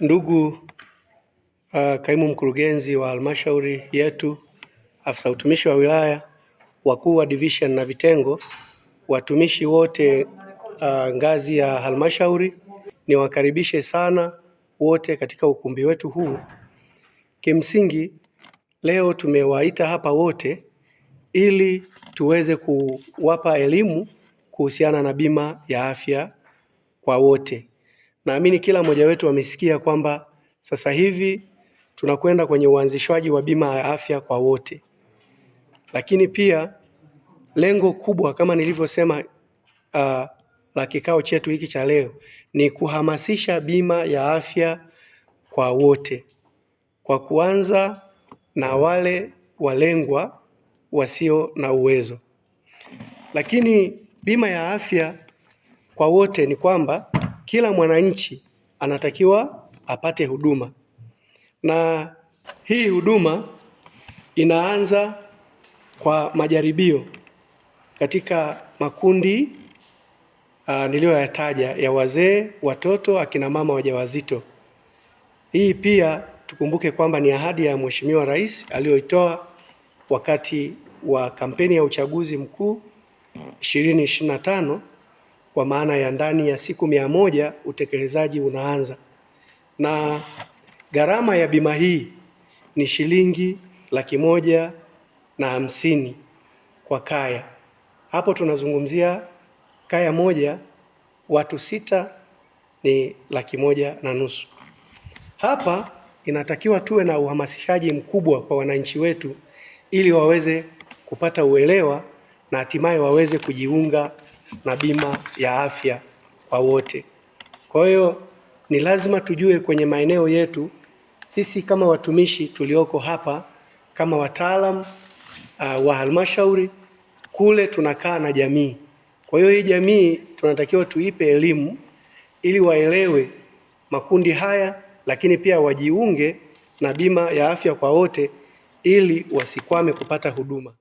Ndugu uh, kaimu mkurugenzi wa halmashauri yetu, afisa utumishi wa wilaya, wakuu wa division na vitengo, watumishi wote uh, ngazi ya halmashauri, niwakaribishe sana wote katika ukumbi wetu huu. Kimsingi leo tumewaita hapa wote ili tuweze kuwapa elimu kuhusiana na bima ya afya kwa wote. Naamini kila mmoja wetu amesikia kwamba sasa hivi tunakwenda kwenye uanzishwaji wa bima ya afya kwa wote, lakini pia lengo kubwa kama nilivyosema uh, la kikao chetu hiki cha leo ni kuhamasisha bima ya afya kwa wote kwa kuanza na wale walengwa wasio na uwezo. Lakini bima ya afya kwa wote ni kwamba kila mwananchi anatakiwa apate huduma, na hii huduma inaanza kwa majaribio katika makundi uh, niliyoyataja ya wazee, watoto, akina mama wajawazito. Hii pia tukumbuke kwamba ni ahadi ya Mheshimiwa Rais aliyoitoa wakati wa kampeni ya uchaguzi mkuu 2025 kwa maana ya ndani ya siku mia moja utekelezaji unaanza, na gharama ya bima hii ni shilingi laki moja na hamsini kwa kaya. Hapo tunazungumzia kaya moja watu sita, ni laki moja na nusu. Hapa inatakiwa tuwe na uhamasishaji mkubwa kwa wananchi wetu ili waweze kupata uelewa na hatimaye waweze kujiunga na bima ya afya kwa wote. Kwa hiyo ni lazima tujue kwenye maeneo yetu sisi kama watumishi tulioko hapa kama wataalam uh, wa halmashauri kule tunakaa na jamii. Kwa hiyo hii jamii tunatakiwa tuipe elimu ili waelewe makundi haya, lakini pia wajiunge na bima ya afya kwa wote ili wasikwame kupata huduma.